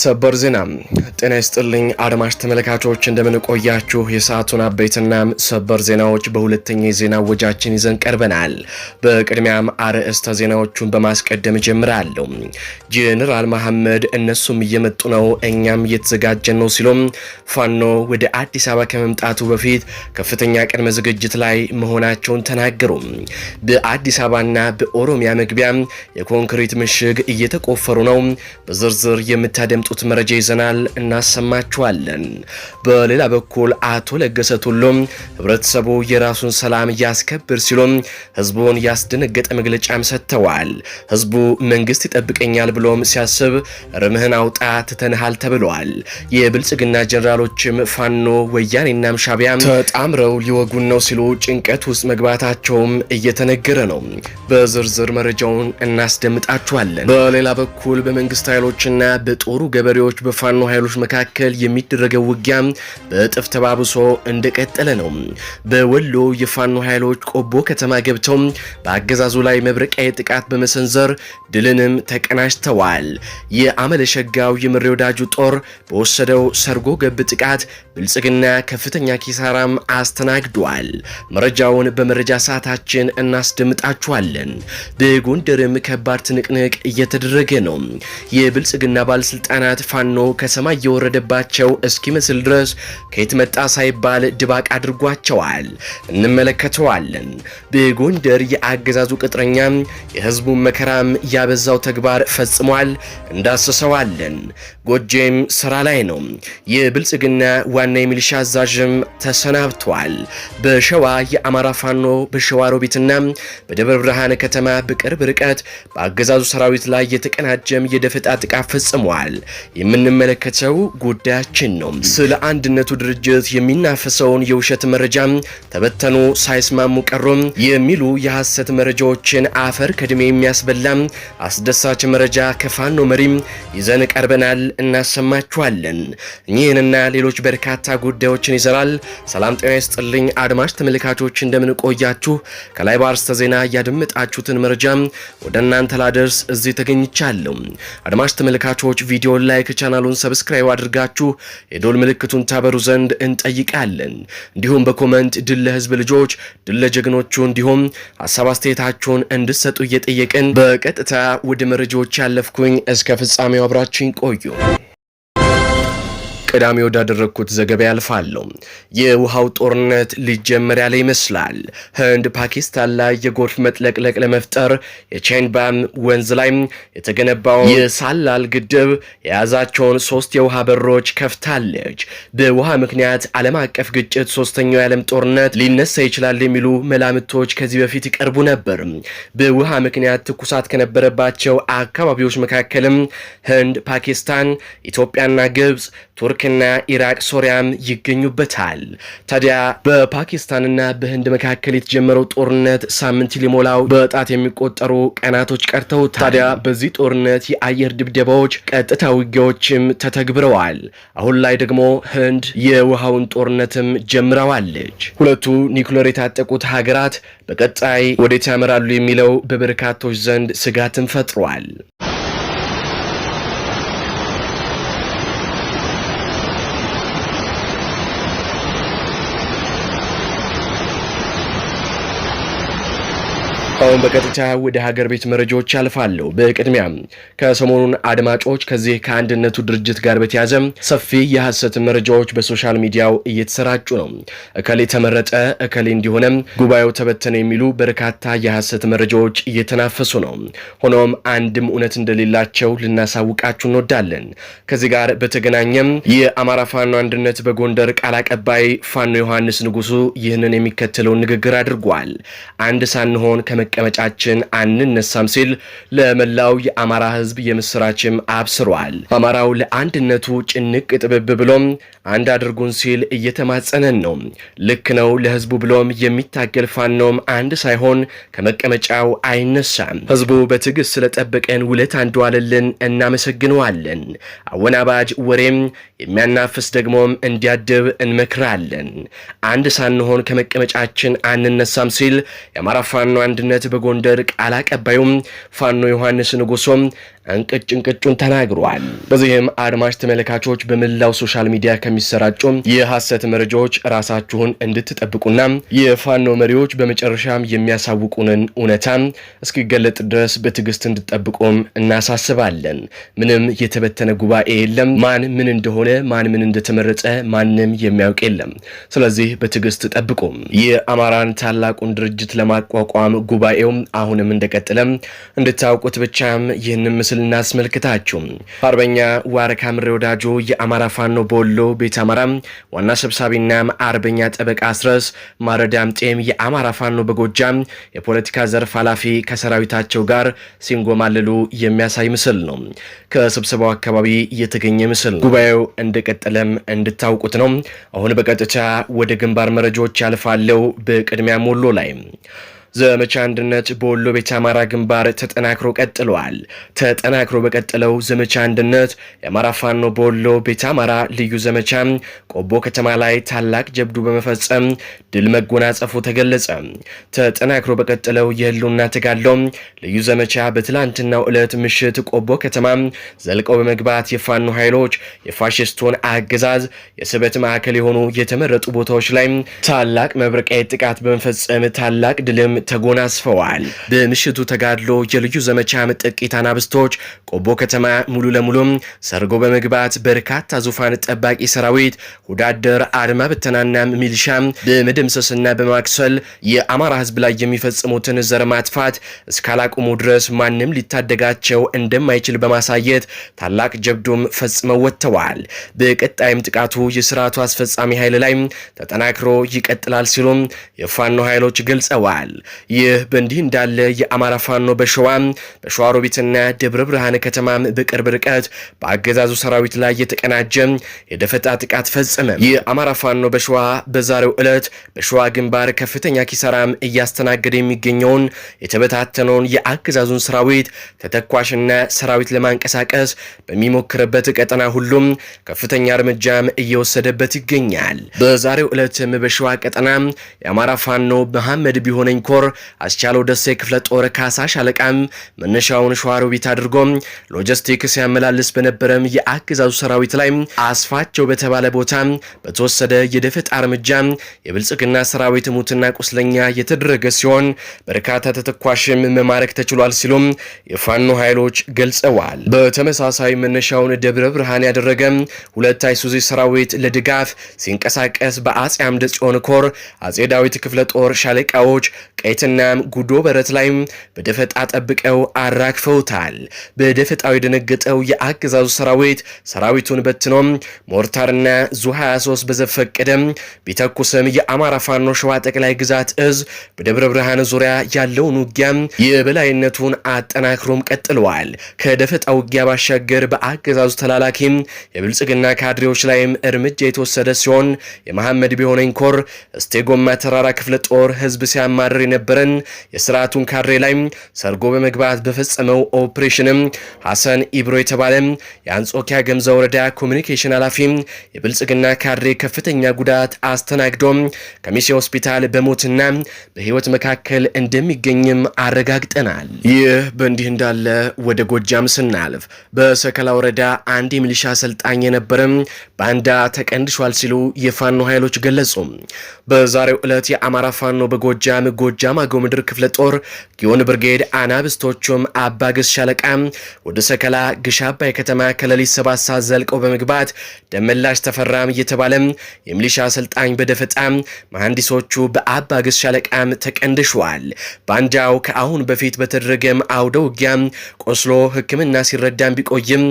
ሰበር ዜና። ጤና ይስጥልኝ አድማሽ ተመልካቾች፣ እንደምንቆያችሁ የሰዓቱን አበይትና ሰበር ዜናዎች በሁለተኛ የዜና ወጃችን ይዘን ቀርበናል። በቅድሚያም አርዕስተ ዜናዎቹን በማስቀደም ጀምራለሁ። ጄኔራል መሐመድ እነሱም እየመጡ ነው፣ እኛም እየተዘጋጀን ነው ሲሉም ፋኖ ወደ አዲስ አበባ ከመምጣቱ በፊት ከፍተኛ ቅድመ ዝግጅት ላይ መሆናቸውን ተናገሩ። በአዲስ አበባና በኦሮሚያ መግቢያ የኮንክሪት ምሽግ እየተቆፈሩ ነው። በዝርዝር የምታደ የሚያደምጡት መረጃ ይዘናል፣ እናሰማችኋለን። በሌላ በኩል አቶ ለገሰ ቱሉም ህብረተሰቡ የራሱን ሰላም እያስከብር ሲሉም ህዝቡን ያስደነገጠ መግለጫም ሰጥተዋል። ህዝቡ መንግስት ይጠብቀኛል ብሎም ሲያስብ ርምህን አውጣ ትተንሃል ተብለዋል። የብልጽግና ጀኔራሎችም ፋኖ ወያኔና ሻቢያም ተጣምረው ሊወጉን ነው ሲሉ ጭንቀት ውስጥ መግባታቸውም እየተነገረ ነው። በዝርዝር መረጃውን እናስደምጣችኋለን። በሌላ በኩል በመንግስት ኃይሎችና በጦሩ ገበሬዎች በፋኖ ኃይሎች መካከል የሚደረገው ውጊያ በእጥፍ ተባብሶ እንደቀጠለ ነው። በወሎ የፋኖ ኃይሎች ቆቦ ከተማ ገብተው በአገዛዙ ላይ መብረቂያ ጥቃት በመሰንዘር ድልንም ተቀናጅተዋል። የአመለሸጋው የምሬ ወዳጁ ጦር በወሰደው ሰርጎ ገብ ጥቃት ብልጽግና ከፍተኛ ኪሳራም አስተናግዷል። መረጃውን በመረጃ ሰዓታችን እናስደምጣችኋለን። በጎንደርም ከባድ ትንቅንቅ እየተደረገ ነው። የብልጽግና ባለስልጣን ህጻናት ፋኖ ከሰማይ የወረደባቸው እስኪመስል ድረስ ከየት መጣ ሳይባል ድባቅ አድርጓቸዋል። እንመለከተዋለን። በጎንደር የአገዛዙ ቅጥረኛ የህዝቡን መከራም ያበዛው ተግባር ፈጽሟል። እንዳስሰዋለን። ጎጄም ስራ ላይ ነው። የብልጽግና ዋና የሚሊሻ አዛዥም ተሰናብቷል። በሸዋ የአማራ ፋኖ በሸዋ ሮቢትና በደብረ ብርሃን ከተማ በቅርብ ርቀት በአገዛዙ ሰራዊት ላይ የተቀናጀም የደፈጣ ጥቃት ፈጽሟል። የምንመለከተው ጉዳያችን ነው። ስለ አንድነቱ ድርጅት የሚናፈሰውን የውሸት መረጃ ተበተኑ፣ ሳይስማሙ ቀሩም የሚሉ የሐሰት መረጃዎችን አፈር ከድሜ የሚያስበላ አስደሳች መረጃ ከፋኖ መሪም ይዘን ቀርበናል፣ እናሰማችኋለን። እኚህንና ሌሎች በርካታ ጉዳዮችን ይዘራል። ሰላም ጤና ይስጥልኝ አድማጭ ተመልካቾች፣ እንደምንቆያችሁ ከላይ በአርስተ ዜና እያደመጣችሁትን መረጃ ወደ እናንተ ላደርስ እዚህ ተገኝቻለሁ። አድማጭ ተመልካቾች ቪዲዮ ቪዲዮን ላይክ፣ ቻናሉን ሰብስክራይብ አድርጋችሁ የዶል ምልክቱን ታበሩ ዘንድ እንጠይቃለን። እንዲሁም በኮመንት ድል ለህዝብ ልጆች፣ ድል ለጀግኖቹ እንዲሁም ሀሳብ አስተያየታችሁን እንድሰጡ እየጠየቅን በቀጥታ ውድ መረጃዎች ያለፍኩኝ እስከ ፍጻሜው አብራችኝ ቆዩ። ቅዳሜ ወዳደረግኩት ዘገባ ያልፋለሁ። የውሃው ጦርነት ሊጀመር ያለ ይመስላል። ህንድ ፓኪስታን ላይ የጎርፍ መጥለቅለቅ ለመፍጠር የቼንባም ወንዝ ላይ የተገነባውን የሳላል ግድብ የያዛቸውን ሶስት የውሃ በሮች ከፍታለች። በውሃ ምክንያት ዓለም አቀፍ ግጭት፣ ሶስተኛው የዓለም ጦርነት ሊነሳ ይችላል የሚሉ መላምቶች ከዚህ በፊት ይቀርቡ ነበር። በውሃ ምክንያት ትኩሳት ከነበረባቸው አካባቢዎች መካከልም ህንድ፣ ፓኪስታን፣ ኢትዮጵያና ግብፅ ቱርክ ቱርክና ኢራቅ፣ ሶሪያም ይገኙበታል። ታዲያ በፓኪስታንና በህንድ መካከል የተጀመረው ጦርነት ሳምንት ሊሞላው በጣት የሚቆጠሩ ቀናቶች ቀርተውታል። ታዲያ በዚህ ጦርነት የአየር ድብደባዎች፣ ቀጥታ ውጊያዎችም ተተግብረዋል። አሁን ላይ ደግሞ ህንድ የውሃውን ጦርነትም ጀምረዋለች። ሁለቱ ኒውክሌር የታጠቁት ሀገራት በቀጣይ ወዴት ያመራሉ የሚለው በበርካቶች ዘንድ ስጋትን ፈጥሯል። አሁን በቀጥታ ወደ ሀገር ቤት መረጃዎች አልፋለሁ። በቅድሚያ ከሰሞኑን አድማጮች ከዚህ ከአንድነቱ ድርጅት ጋር በተያዘ ሰፊ የሐሰት መረጃዎች በሶሻል ሚዲያው እየተሰራጩ ነው። እከሌ ተመረጠ፣ እከሌ እንዲሆነ ጉባኤው ተበተነ የሚሉ በርካታ የሐሰት መረጃዎች እየተናፈሱ ነው። ሆኖም አንድም እውነት እንደሌላቸው ልናሳውቃችሁ እንወዳለን። ከዚህ ጋር በተገናኘም የአማራ ፋኖ አንድነት በጎንደር ቃል አቀባይ ፋኖ ዮሐንስ ንጉሱ ይህንን የሚከተለውን ንግግር አድርጓል። አንድ ሳንሆን ከመ ከመቀመጫችን አንነሳም ሲል ለመላው የአማራ ህዝብ የምስራችም አብስሯል። አማራው ለአንድነቱ ጭንቅ ጥብብ ብሎም አንድ አድርጉን ሲል እየተማጸነን ነው። ልክ ነው ለህዝቡ ብሎም የሚታገል ፋኖም አንድ ሳይሆን ከመቀመጫው አይነሳም። ህዝቡ በትዕግስት ስለጠበቀን ውለት አለልን፣ እናመሰግነዋለን። አወናባጅ ወሬም የሚያናፍስ ደግሞም እንዲያድብ እንመክራለን። አንድ ሳንሆን ከመቀመጫችን አንነሳም ሲል የአማራ ፋኖ አንድነት ዕለት በጎንደር ቃል አቀባዩም ፋኖ ዮሐንስ ንጉሶም እንቅጭ እንቅጩን ተናግሯል። በዚህም አድማጭ ተመልካቾች በመላው ሶሻል ሚዲያ ከሚሰራጩ የሐሰት መረጃዎች ራሳችሁን እንድትጠብቁና የፋኖ መሪዎች በመጨረሻም የሚያሳውቁንን እውነታ እስኪገለጥ ድረስ በትዕግስት እንድጠብቁም እናሳስባለን። ምንም የተበተነ ጉባኤ የለም። ማን ምን እንደሆነ ማን ምን እንደተመረጠ ማንም የሚያውቅ የለም። ስለዚህ በትዕግስት ጠብቁም። የአማራን ታላቁን ድርጅት ለማቋቋም ጉባኤ ጉባኤው አሁንም እንደቀጥለም እንድታውቁት ብቻም ይህን ምስል እናስመልክታችሁ። አርበኛ ዋርካ ምሬ ወዳጆ የአማራ ፋኖ በወሎ ቤት አማራ ዋና ሰብሳቢና አርበኛ ጠበቃ አስረስ ማረዳምጤም የአማራ ፋኖ በጎጃም የፖለቲካ ዘርፍ ኃላፊ ከሰራዊታቸው ጋር ሲንጎማለሉ የሚያሳይ ምስል ነው። ከስብሰባው አካባቢ የተገኘ ምስል ነው። ጉባኤው እንደቀጠለም እንድታውቁት ነው። አሁን በቀጥታ ወደ ግንባር መረጃዎች ያልፋለው። በቅድሚያ ሞሎ ላይ ዘመቻ አንድነት በወሎ ቤት አማራ ግንባር ተጠናክሮ ቀጥሏል። ተጠናክሮ በቀጠለው ዘመቻ አንድነት የአማራ ፋኖ በወሎ ቤት አማራ ልዩ ዘመቻ ቆቦ ከተማ ላይ ታላቅ ጀብዱ በመፈጸም ድል መጎናጸፉ ተገለጸ። ተጠናክሮ በቀጠለው የህልውና ተጋድሎ ልዩ ዘመቻ በትላንትናው ዕለት ምሽት ቆቦ ከተማ ዘልቀው በመግባት የፋኖ ኃይሎች የፋሽስቱን አገዛዝ የስበት ማዕከል የሆኑ የተመረጡ ቦታዎች ላይ ታላቅ መብረቃዊ ጥቃት በመፈጸም ታላቅ ድልም ተጎናስፈዋል። በምሽቱ ተጋድሎ የልዩ ዘመቻ ጥቂት አናብስቶች ቆቦ ከተማ ሙሉ ለሙሉም ሰርጎ በመግባት በርካታ ዙፋን ጠባቂ ሰራዊት ወዳደር አድማ በተናናም ሚሊሻ በመደምሰስና በማክሰል የአማራ ህዝብ ላይ የሚፈጽሙትን ዘር ማጥፋት እስካላቁሙ ድረስ ማንም ሊታደጋቸው እንደማይችል በማሳየት ታላቅ ጀብዶም ፈጽመው ወጥተዋል። በቀጣይም ጥቃቱ የስርዓቱ አስፈጻሚ ኃይል ላይ ተጠናክሮ ይቀጥላል ሲሉም የፋኖ ኃይሎች ገልጸዋል። ይህ በእንዲህ እንዳለ የአማራ ፋኖ በሸዋ በሸዋሮቢትና ደብረ ብርሃን ከተማ በቅርብ ርቀት በአገዛዙ ሰራዊት ላይ የተቀናጀ የደፈጣ ጥቃት ፈጸመ። የአማራ ፋኖ በሸዋ በዛሬው ዕለት በሸዋ ግንባር ከፍተኛ ኪሳራም እያስተናገደ የሚገኘውን የተበታተነውን የአገዛዙን ሰራዊት ተተኳሽና ሰራዊት ለማንቀሳቀስ በሚሞክርበት ቀጠና ሁሉም ከፍተኛ እርምጃም እየወሰደበት ይገኛል። በዛሬው ዕለትም በሸዋ ቀጠና የአማራ ፋኖ መሐመድ ቢሆነኝ ኮር ጦር አስቻለው ደሴ ክፍለ ጦር ካሳ ሻለቃም መነሻውን ሸዋሮቢት አድርጎ ሎጂስቲክስ ሲያመላልስ በነበረም የአገዛዙ ሰራዊት ላይ አስፋቸው በተባለ ቦታ በተወሰደ የደፈጣ እርምጃ የብልጽግና ሰራዊት ሙትና ቁስለኛ የተደረገ ሲሆን በርካታ ተተኳሽም መማረክ ተችሏል ሲሉም የፋኖ ኃይሎች ገልጸዋል። በተመሳሳይ መነሻውን ደብረ ብርሃን ያደረገ ሁለት አይሱዚ ሰራዊት ለድጋፍ ሲንቀሳቀስ በአጼ አምደ ጽዮን ኮር አጼ ዳዊት ክፍለ ጦር ሻለቃዎች ቀይትና ጉዶ በረት ላይ በደፈጣ ጠብቀው አራግፈውታል። በደፈጣው የደነገጠው የአገዛዙ ሰራዊት ሰራዊቱን በትኖ ሞርታርና ዙ 23 በዘፈቀደ ቢተኩስም የአማራ ፋኖ ሸዋ ጠቅላይ ግዛት እዝ በደብረ ብርሃን ዙሪያ ያለውን ውጊያ የበላይነቱን አጠናክሮም ቀጥለዋል። ከደፈጣ ውጊያ ባሻገር በአገዛዙ ተላላኪ የብልጽግና ካድሬዎች ላይም እርምጃ የተወሰደ ሲሆን የመሐመድ ቢሆነኝ ኮር እስቴ ጎማ ተራራ ክፍለ ጦር ህዝብ ሲያማርር የነበረን የስርዓቱን ካድሬ ላይ ሰርጎ በመግባት በፈጸመው ኦፕሬሽንም ሐሰን ኢብሮ የተባለ የአንጾኪያ ገምዛ ወረዳ ኮሚኒኬሽን ኃላፊ የብልጽግና ካድሬ ከፍተኛ ጉዳት አስተናግዶ ከሚሴ ሆስፒታል በሞትና በህይወት መካከል እንደሚገኝም አረጋግጠናል። ይህ በእንዲህ እንዳለ ወደ ጎጃም ስናልፍ በሰከላ ወረዳ አንድ የሚሊሻ አሰልጣኝ የነበረ ባንዳ ተቀንድሿል ሲሉ የፋኖ ኃይሎች ገለጹ። በዛሬው ዕለት የአማራ ፋኖ በጎጃም ጎጃ የጃማጎ ምድር ክፍለ ጦር ጊዮን ብርጌድ አናብስቶቹም አባግስ ሻለቃ ወደ ሰከላ ግሽ አባይ ከተማ ከሌሊት ሰባት ሰዓት ዘልቀው በመግባት ደመላሽ ተፈራም እየተባለ የሚሊሻ አሰልጣኝ በደፈጣ መሐንዲሶቹ በአባግስ ሻለቃም ተቀንድሸዋል። ባንዳው ከአሁን በፊት በተደረገም አውደ ውጊያ ቆስሎ ሕክምና ሲረዳም ቢቆይም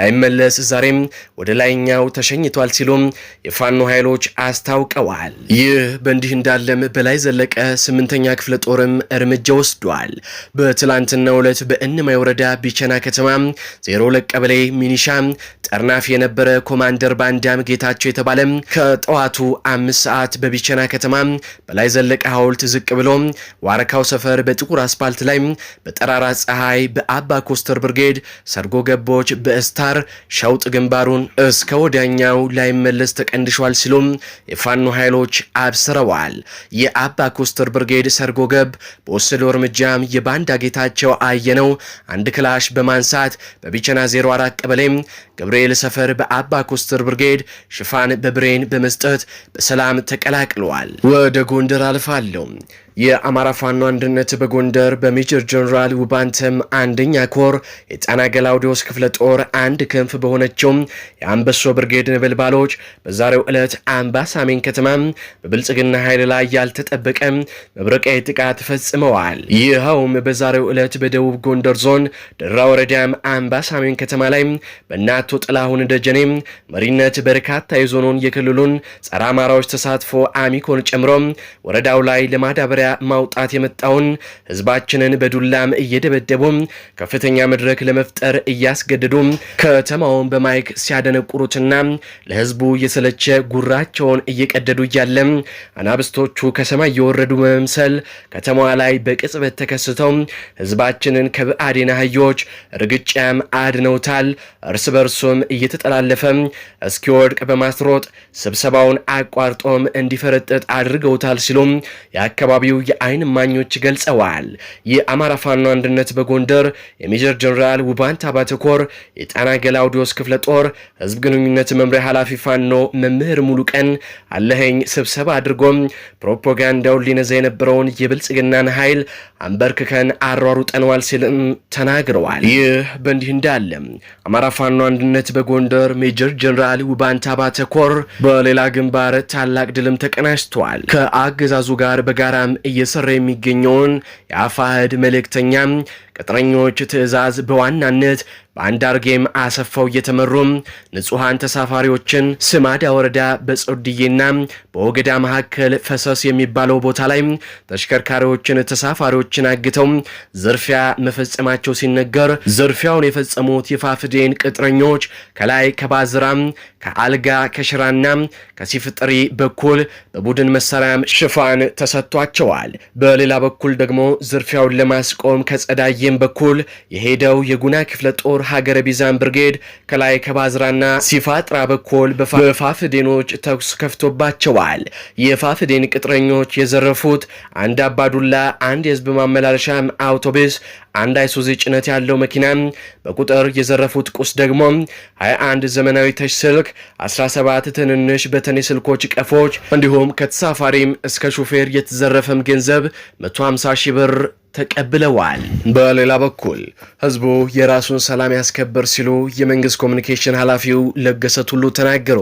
ላይመለስ ዛሬም ወደ ላይኛው ተሸኝቷል ሲሉም የፋኖ ኃይሎች አስታውቀዋል። ይህ በእንዲህ እንዳለም በላይ ዘለቀ ስምንተኛ ክፍለ ጦርም እርምጃ ወስዷል። በትላንትናው ዕለት በእነማይ ወረዳ ቢቸና ከተማ ዜሮ ለቀበሌ ሚኒሻ ጠርናፍ የነበረ ኮማንደር ባንዳም ጌታቸው የተባለ ከጠዋቱ አምስት ሰዓት በቢቸና ከተማ በላይ ዘለቀ ሐውልት ዝቅ ብሎ ዋረካው ሰፈር በጥቁር አስፓልት ላይ በጠራራ ፀሐይ በአባ ኮስተር ብርጌድ ሰርጎ ገቦች በስታር ሸውጥ ግንባሩን እስከ ወዲያኛው ላይመለስ ተቀንድሿል ሲሉም የፋኖ ኃይሎች አብስረዋል። የአባ ኮስተር ብርጌድ ሰርጎ አድርጎ ገብ በወሰደው እርምጃም የባንዳ ጌታቸው አየነው አንድ ክላሽ በማንሳት በቢቸና 04 ቀበሌም ገብርኤል ሰፈር በአባ ኮስተር ብርጌድ ሽፋን በብሬን በመስጠት በሰላም ተቀላቅለዋል። ወደ ጎንደር አልፋለሁ። የአማራ ፋኖ አንድነት በጎንደር በሜጀር ጀኔራል ውባንተም አንደኛ ኮር የጣና ገላውዲዮስ ክፍለ ጦር አንድ ክንፍ በሆነችው የአንበሶ ብርጌድ ነበልባሎች በዛሬው ዕለት አምባሳሜን ከተማ በብልጽግና ኃይል ላይ ያልተጠበቀ መብረቃዊ ጥቃት ፈጽመዋል። ይኸውም በዛሬው ዕለት በደቡብ ጎንደር ዞን ደራ ወረዳም አምባሳሜን ከተማ ላይ በእናቶ ጥላሁን ደጀኔ መሪነት በርካታ የዞኑን የክልሉን ጸረ አማራዎች ተሳትፎ አሚኮን ጨምሮ ወረዳው ላይ ለማዳበሪያ መሳሪያ ማውጣት የመጣውን ህዝባችንን በዱላም እየደበደቡም ከፍተኛ መድረክ ለመፍጠር እያስገደዱ ከተማውን በማይክ ሲያደነቁሩትና ለህዝቡ የሰለቸ ጉራቸውን እየቀደዱ እያለ አናብስቶቹ ከሰማይ የወረዱ መምሰል ከተማዋ ላይ በቅጽበት ተከስተው ህዝባችንን ከብአዴን አህዮች እርግጫም አድነውታል። እርስ በርሱም እየተጠላለፈ እስኪወድቅ በማስሮጥ ስብሰባውን አቋርጦም እንዲፈረጥጥ አድርገውታል ሲሉም የአካባቢው ጉዳዩ የአይን ማኞች ገልጸዋል። የአማራ ፋኖ አንድነት በጎንደር የሜጀር ጀኔራል ውባንት አባተኮር የጣና ገላውዲዮስ ክፍለ ጦር ህዝብ ግንኙነት መምሪያ ኃላፊ ፋኖ መምህር ሙሉ ቀን አለኸኝ ስብሰባ አድርጎም ፕሮፓጋንዳውን ሊነዛ የነበረውን የብልጽግናን ኃይል አንበርክከን አሯሩጠነዋል ሲልም ተናግረዋል። ይህ በእንዲህ እንዳለ አማራ ፋኖ አንድነት በጎንደር ሜጀር ጀኔራል ውባንት አባተኮር በሌላ ግንባር ታላቅ ድልም ተቀናጅተዋል። ከአገዛዙ ጋር በጋራም እየሰራ የሚገኘውን የአፋህድ መልእክተኛ ቅጥረኞች ትዕዛዝ በዋናነት በአንዳርጌም አሰፋው እየተመሩ ንጹሐን ተሳፋሪዎችን ስማዳ ወረዳ በጾድዬና በወገዳ መካከል ፈሰስ የሚባለው ቦታ ላይ ተሽከርካሪዎችን፣ ተሳፋሪዎችን አግተው ዝርፊያ መፈጸማቸው ሲነገር ዝርፊያውን የፈጸሙት የፋፍዴን ቅጥረኞች ከላይ ከባዝራ፣ ከአልጋ፣ ከሽራና ከሲፍጥሪ በኩል በቡድን መሳሪያም ሽፋን ተሰጥቷቸዋል። በሌላ በኩል ደግሞ ዝርፊያውን ለማስቆም ከጸዳይ በራያም በኩል የሄደው የጉና ክፍለ ጦር ሀገረ ቢዛን ብርጌድ ከላይ ከባዝራና ሲፋጥራ በኩል በፋፍዴኖች ተኩስ ከፍቶባቸዋል። የፋፍዴን ቅጥረኞች የዘረፉት አንድ አባዱላ፣ አንድ የህዝብ ማመላለሻ አውቶቡስ፣ አንድ አይሱዚ ጭነት ያለው መኪና በቁጥር የዘረፉት ቁስ ደግሞ 21 ዘመናዊ ተች ስልክ፣ 17 ትንንሽ በተኔ ስልኮች ቀፎች፣ እንዲሁም ከተሳፋሪም እስከ ሹፌር የተዘረፈም ገንዘብ 150 ሺህ ብር ተቀብለዋል። በሌላ በኩል ህዝቡ የራሱን ሰላም ያስከበር ሲሉ የመንግስት ኮሚኒኬሽን ኃላፊው ለገሰ ቱሉ ተናገሩ።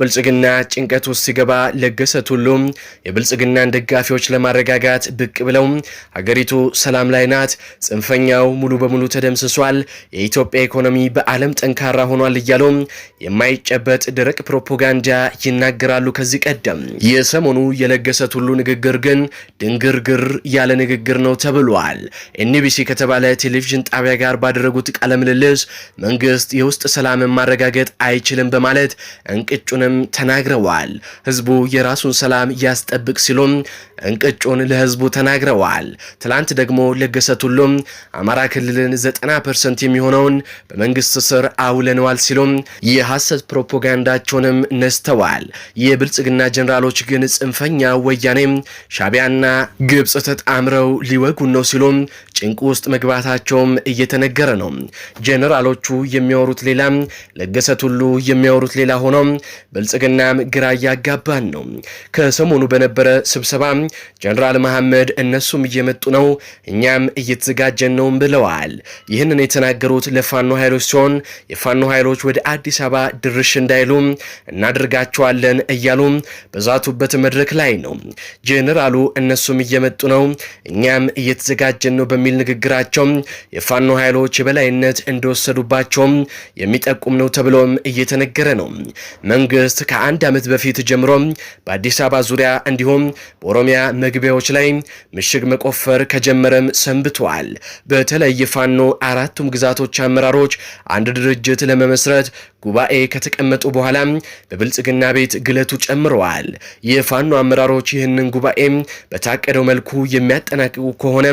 ብልጽግና ጭንቀት ውስጥ ሲገባ ለገሰ ቱሉ የብልጽግናን ደጋፊዎች ለማረጋጋት ብቅ ብለው ሀገሪቱ ሰላም ላይ ናት፣ ጽንፈኛው ሙሉ በሙሉ ተደምስሷል፣ የኢትዮጵያ ኢኮኖሚ በዓለም ጠንካራ ሆኗል እያሉ የማይጨበጥ ደረቅ ፕሮፓጋንዳ ይናገራሉ። ከዚህ ቀደም የሰሞኑ የለገሰ ቱሉ ንግግር ግን ድንግርግር ያለ ንግግር ነው። ተብሏል። ኤንቢሲ ከተባለ ቴሌቪዥን ጣቢያ ጋር ባደረጉት ቃለ ምልልስ መንግስት የውስጥ ሰላምን ማረጋገጥ አይችልም በማለት እንቅጩንም ተናግረዋል። ህዝቡ የራሱን ሰላም ያስጠብቅ ሲሉም እንቅጩን ለህዝቡ ተናግረዋል። ትላንት ደግሞ ለገሰ ቱሉም አማራ ክልልን 90 ፐርሰንት የሚሆነውን በመንግስት ስር አውለነዋል ሲሉም የሐሰት ፕሮፓጋንዳቸውንም ነስተዋል። የብልጽግና ጀኔራሎች ግን ጽንፈኛ ወያኔም ሻቢያና ግብፅ ተጣምረው ሊወጉ እያደረጉን ነው ሲሉም ጭንቅ ውስጥ መግባታቸውም እየተነገረ ነው። ጄኔራሎቹ የሚያወሩት ሌላ፣ ለገሰ ቱሉ የሚያወሩት ሌላ ሆኖ ብልጽግናም ግራ እያጋባን ነው። ከሰሞኑ በነበረ ስብሰባ ጀነራል መሐመድ እነሱም እየመጡ ነው፣ እኛም እየተዘጋጀን ነው ብለዋል። ይህንን የተናገሩት ለፋኖ ኃይሎች ሲሆን የፋኖ ኃይሎች ወደ አዲስ አበባ ድርሽ እንዳይሉ እናደርጋቸዋለን እያሉ በዛቱበት መድረክ ላይ ነው። ጄኔራሉ እነሱም እየመጡ ነው፣ እኛም እየተዘጋጀን ነው በሚል ንግግራቸው የፋኖ ኃይሎች የበላይነት እንደወሰዱባቸውም የሚጠቁም ነው ተብሎም እየተነገረ ነው። መንግስት ከአንድ ዓመት በፊት ጀምሮ በአዲስ አበባ ዙሪያ እንዲሁም በኦሮሚያ መግቢያዎች ላይ ምሽግ መቆፈር ከጀመረም ሰንብተዋል። በተለይ ፋኖ አራቱም ግዛቶች አመራሮች አንድ ድርጅት ለመመስረት ጉባኤ ከተቀመጡ በኋላ በብልጽግና ቤት ግለቱ ጨምረዋል። የፋኖ አመራሮች ይህንን ጉባኤ በታቀደው መልኩ የሚያጠናቅቁ ከሆነ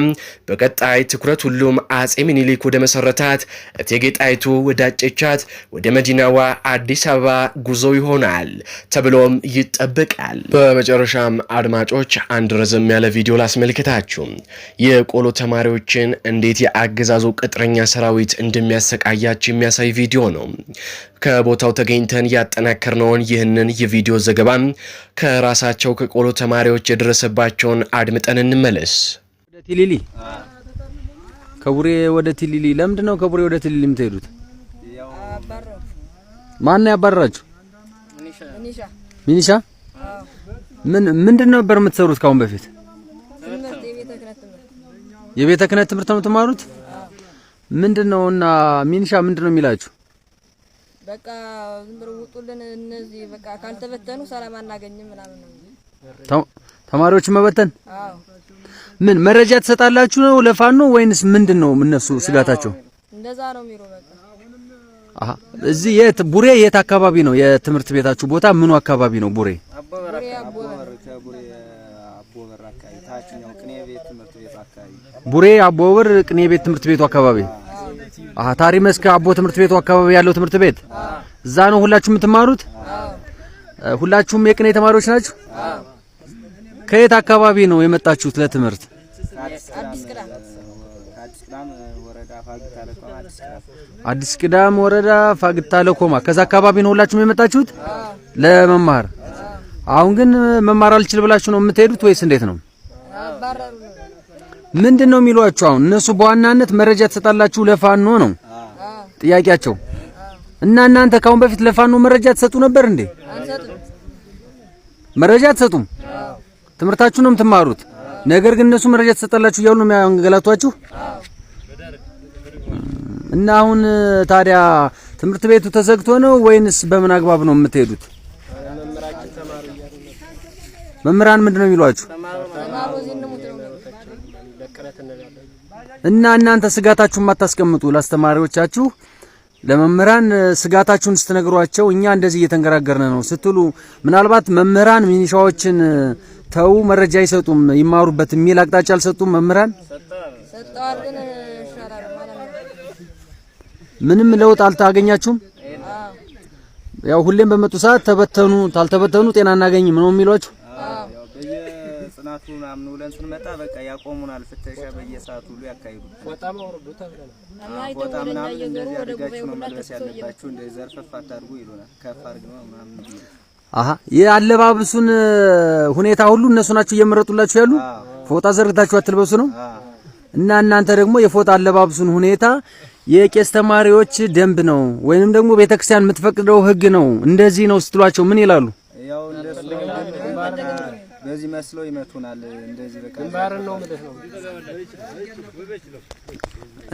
በቀጣይ ትኩረት ሁሉም አጼ ሚኒሊክ ወደ መሰረታት እቴጌ ጣይቱ ወዳጨቻት ወደ መዲናዋ አዲስ አበባ ጉዞ ይሆናል ተብሎም ይጠበቃል። በመጨረሻም አድማጮች አንድ ረዘም ያለ ቪዲዮ ላስመልክታችሁ። የቆሎ ተማሪዎችን እንዴት የአገዛዙ ቅጥረኛ ሰራዊት እንደሚያሰቃያቸው የሚያሳይ ቪዲዮ ነው። ከቦታው ተገኝተን ያጠናከርነውን ይህንን የቪዲዮ ዘገባ ከራሳቸው ከቆሎ ተማሪዎች የደረሰባቸውን አድምጠን እንመለስ። ቲሊሊ ከቡሬ ወደ ቲሊሊ ለምንድን ነው ከቡሬ ወደ ቲሊሊ የምትሄዱት? ማን ነው ያባረራችሁ? ሚኒሻ ምን ምንድን ነበር የምትሰሩት ካሁን በፊት? የቤተ ክህነት ትምህርት ነው የምትማሩት? ምንድን ሚኒሻ ምንድን ነው የሚላችሁ? በቃ ዝም ብሎ ውጡልን፣ እነዚህ በቃ ካልተበተኑ ሰላም አናገኝም ምናምን ነው። ተማሪዎች መበተን ምን መረጃ ትሰጣላችሁ ነው ለፋኖ ወይንስ ምንድን ነው እነሱ ስጋታቸው? እንደዛ ነው የሚሉ በቃ አሃ። እዚህ የት ቡሬ የት አካባቢ ነው የትምህርት ቤታችሁ ቦታ? ምኑ አካባቢ ነው ቡሬ? ቡሬ አቦበር ቅኔ ቤት አካባቢ ቡሬ አቦበር ቅኔ ቤት ትምህርት ቤቱ አካባቢ አሃ ታሪ መስክ አቦ ትምህርት ቤቱ አካባቢ ያለው ትምህርት ቤት እዛ ነው ሁላችሁ የምትማሩት? ሁላችሁም የቅኔ ተማሪዎች ናችሁ? ከየት አካባቢ ነው የመጣችሁት ለትምህርት? አዲስ ቅዳም ወረዳ ፋግታ ለኮማ ከዛ አካባቢ ነው ሁላችሁም የመጣችሁት ለመማር። አሁን ግን መማር አልችል ብላችሁ ነው የምትሄዱት ወይስ እንዴት ነው? ምንድን ነው የሚሏችሁ? አሁን እነሱ በዋናነት መረጃ ትሰጣላችሁ ለፋኖ ነው ጥያቄያቸው። እና እናንተ ካሁን በፊት ለፋኖ መረጃ ትሰጡ ነበር እንዴ? መረጃ አትሰጡም። ትምህርታችሁ ነው የምትማሩት። ነገር ግን እነሱ መረጃ ትሰጣላችሁ እያሉ ነው የሚያንገላቷችሁ። እና አሁን ታዲያ ትምህርት ቤቱ ተዘግቶ ነው ወይንስ በምን አግባብ ነው የምትሄዱት? መምህራን ምንድን ነው የሚሏችሁ? እና እናንተ ስጋታችሁን ማታስቀምጡ ለአስተማሪዎቻችሁ ለመምህራን ስጋታችሁን ስትነግሯቸው እኛ እንደዚህ እየተንገራገርን ነው ስትሉ ምናልባት መምህራን ሚኒሻዎችን ተው መረጃ አይሰጡም ይማሩበት የሚል አቅጣጫ አልሰጡም። መምህራን ምንም ለውጥ አልታገኛችሁም። ያው ሁሌም በመጡ ሰዓት ተበተኑ፣ ታልተበተኑ ጤና እናገኝም ነው የሚሏችሁ። ጽናቱ ምናምን ውለን ስንመጣ በቃ ያቆሙናል። ፍተሻ በየሰዓቱ ሁሉ ያካሂዱብናል። ፎጣ ምናምን እንደዚህ አድርጋችሁ ነው መልበስ ያለባችሁ፣ እንደዚህ ዘርፈፍ አታድርጉ ይሉናል። ከፍ አድርግ ምናምን አሀ የአለባበሱን ሁኔታ ሁሉ እነሱ ናቸው እየመረጡላችሁ ያሉ። ፎጣ ዘርግታችሁ አትልበሱ ነው እና እናንተ ደግሞ የፎጣ አለባበሱን ሁኔታ የቄስ ተማሪዎች ደንብ ነው ወይንም ደግሞ ቤተክርስቲያን የምትፈቅደው ህግ ነው እንደዚህ ነው ስትሏቸው ምን ይላሉ? እንደዚህ መስለው ይመቱናል። እንደዚህ በቃ ግንባርን ነው ማለት ነው።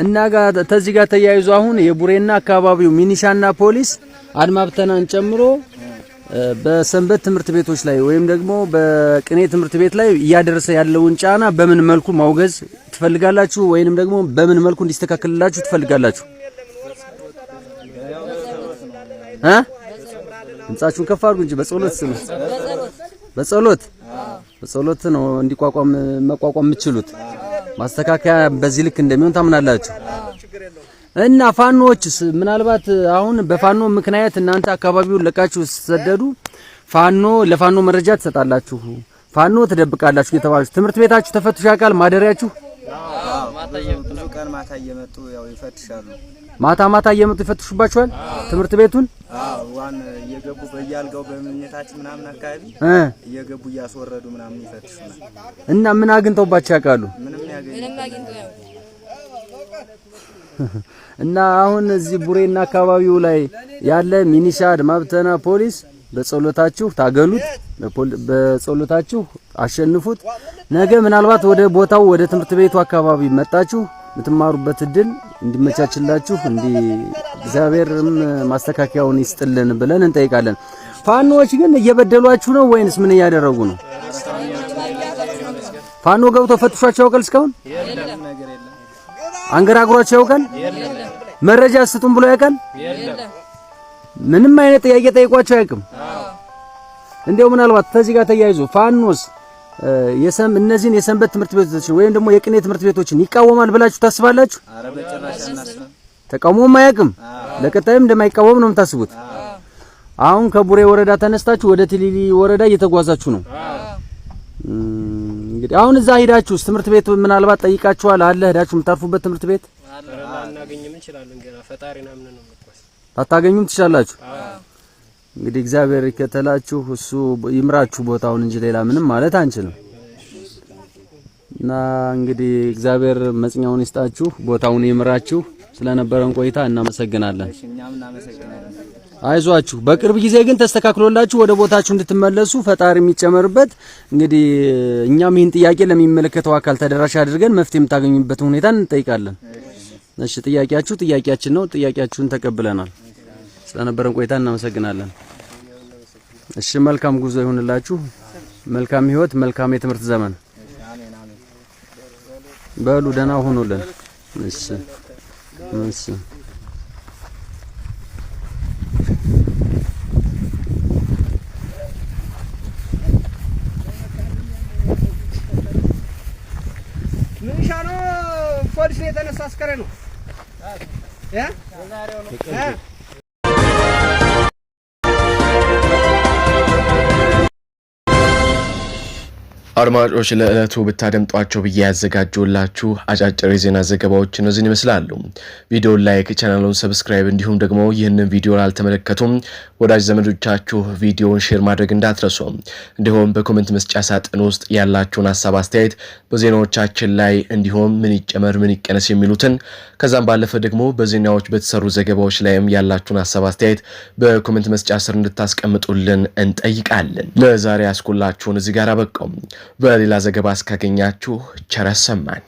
እና ጋር ተዚህ ጋር ተያይዞ አሁን የቡሬና አካባቢው ሚኒሻና ፖሊስ አድማብተናን ጨምሮ በሰንበት ትምህርት ቤቶች ላይ ወይም ደግሞ በቅኔ ትምህርት ቤት ላይ እያደረሰ ያለውን ጫና በምን መልኩ ማውገዝ ትፈልጋላችሁ? ወይንም ደግሞ በምን መልኩ እንዲስተካከልላችሁ ትፈልጋላችሁ? እ ህንጻችሁን ከፍ አድርጉ እንጂ በጸሎት ስሙ። በጸሎት በጸሎት ነው እንዲቋቋም መቋቋም የምትችሉት። ማስተካከያ በዚህ ልክ እንደሚሆን ታምናላችሁ። እና ፋኖዎችስ ምናልባት አሁን በፋኖ ምክንያት እናንተ አካባቢውን ለቃችሁ ስትሰደዱ ፋኖ ለፋኖ መረጃ ትሰጣላችሁ፣ ፋኖ ትደብቃላችሁ የተባሉ ትምህርት ቤታችሁ ተፈትሾ ያውቃል ማደሪያችሁ? ብዙ ቀን ማታ እየመጡ ያው ይፈትሻሉ። ማታ ማታ እየመጡ ይፈትሹባችኋል ትምህርት ቤቱን? አዎ ዋን እየገቡ በያልጋው በመኝታችን ምናምን አካባቢ እየገቡ እያስወረዱ ምናምን ይፈትሹናል። እና ምን አግኝተውባቸው ያውቃሉ? ምንም እና አሁን እዚህ ቡሬና አካባቢው ላይ ያለ ሚኒሻ አድማ ፖሊስ በጸሎታችሁ ታገሉት፣ በጸሎታችሁ አሸንፉት። ነገ ምናልባት ወደ ቦታው ወደ ትምህርት ቤቱ አካባቢ መጣችሁ የምትማሩበት እድል እንዲመቻችላችሁ እንዲ እግዚአብሔርም ማስተካከያውን ይስጥልን ብለን እንጠይቃለን። ፋኖዎች ግን እየበደሏችሁ ነው ወይንስ ምን እያደረጉ ነው? ፋኖ ገብቶ ፈትሿቸው ያውቃል? እስካሁን አንገራግሯቸው ያውቃል? መረጃ ስጡን ብሎ ያውቃል? ምንም አይነት ጥያቄ ጠይቋቸው አያውቅም። እንዲያው ምናልባት ከዚህ ጋር ተያይዞ ፋኖስ እነዚህን የሰንበት ትምህርት ቤቶችን ወይም ደግሞ የቅኔ ትምህርት ቤቶችን ይቃወማል ብላችሁ ታስባላችሁ? ተቃውሞም አያውቅም። ለቀጣይም እንደማይቃወም ነው የምታስቡት። አሁን ከቡሬ ወረዳ ተነስታችሁ ወደ ቲሊሊ ወረዳ እየተጓዛችሁ ነው። እንግዲህ አሁን እዛ ሄዳችሁ ትምህርት ቤት ምናልባት ጠይቃችኋል? አለ ሄዳችሁ የምታርፉበት ትምህርት ቤት አታገኙም ትችላላችሁ። እንግዲህ እግዚአብሔር ይከተላችሁ፣ እሱ ይምራችሁ ቦታውን እንጂ ሌላ ምንም ማለት አንችልም። እና እንግዲህ እግዚአብሔር መጽኛውን ይስጣችሁ፣ ቦታውን ይምራችሁ። ስለነበረን ቆይታ እናመሰግናለን። አይዟችሁ። በቅርብ ጊዜ ግን ተስተካክሎላችሁ ወደ ቦታችሁ እንድትመለሱ ፈጣሪ የሚጨመርበት እንግዲህ እኛም ይህን ጥያቄ ለሚመለከተው አካል ተደራሽ አድርገን መፍትሄ የምታገኙበትን ሁኔታ እንጠይቃለን። እሺ፣ ጥያቄያችሁ ጥያቄያችን ነው። ጥያቄያችሁን ተቀብለናል። ስለነበረን ቆይታ እናመሰግናለን። እሺ፣ መልካም ጉዞ ይሁንላችሁ። መልካም ህይወት፣ መልካም የትምህርት ዘመን በሉ። ደህና ሆኖልን። እሺ፣ እሺ። ፖሊስ ነው የተነሳ አስከሬ ነው አድማጮች ለዕለቱ ብታደምጧቸው ብዬ ያዘጋጁላችሁ አጫጭር የዜና ዘገባዎች እነዚህን ይመስላሉ። ቪዲዮን ላይክ፣ ቻናሉን ሰብስክራይብ እንዲሁም ደግሞ ይህንን ቪዲዮ ላልተመለከቱም ወዳጅ ዘመዶቻችሁ ቪዲዮን ሼር ማድረግ እንዳትረሱ፣ እንዲሁም በኮመንት መስጫ ሳጥን ውስጥ ያላችሁን ሀሳብ አስተያየት በዜናዎቻችን ላይ እንዲሁም ምን ይጨመር ምን ይቀነስ የሚሉትን ከዛም ባለፈ ደግሞ በዜናዎች በተሰሩ ዘገባዎች ላይም ያላችሁን ሀሳብ አስተያየት በኮመንት መስጫ ስር እንድታስቀምጡልን እንጠይቃለን። ለዛሬ ያስኩላችሁን እዚህ ጋር አበቃው። በሌላ ዘገባ እስካገኛችሁ ቸረሰማን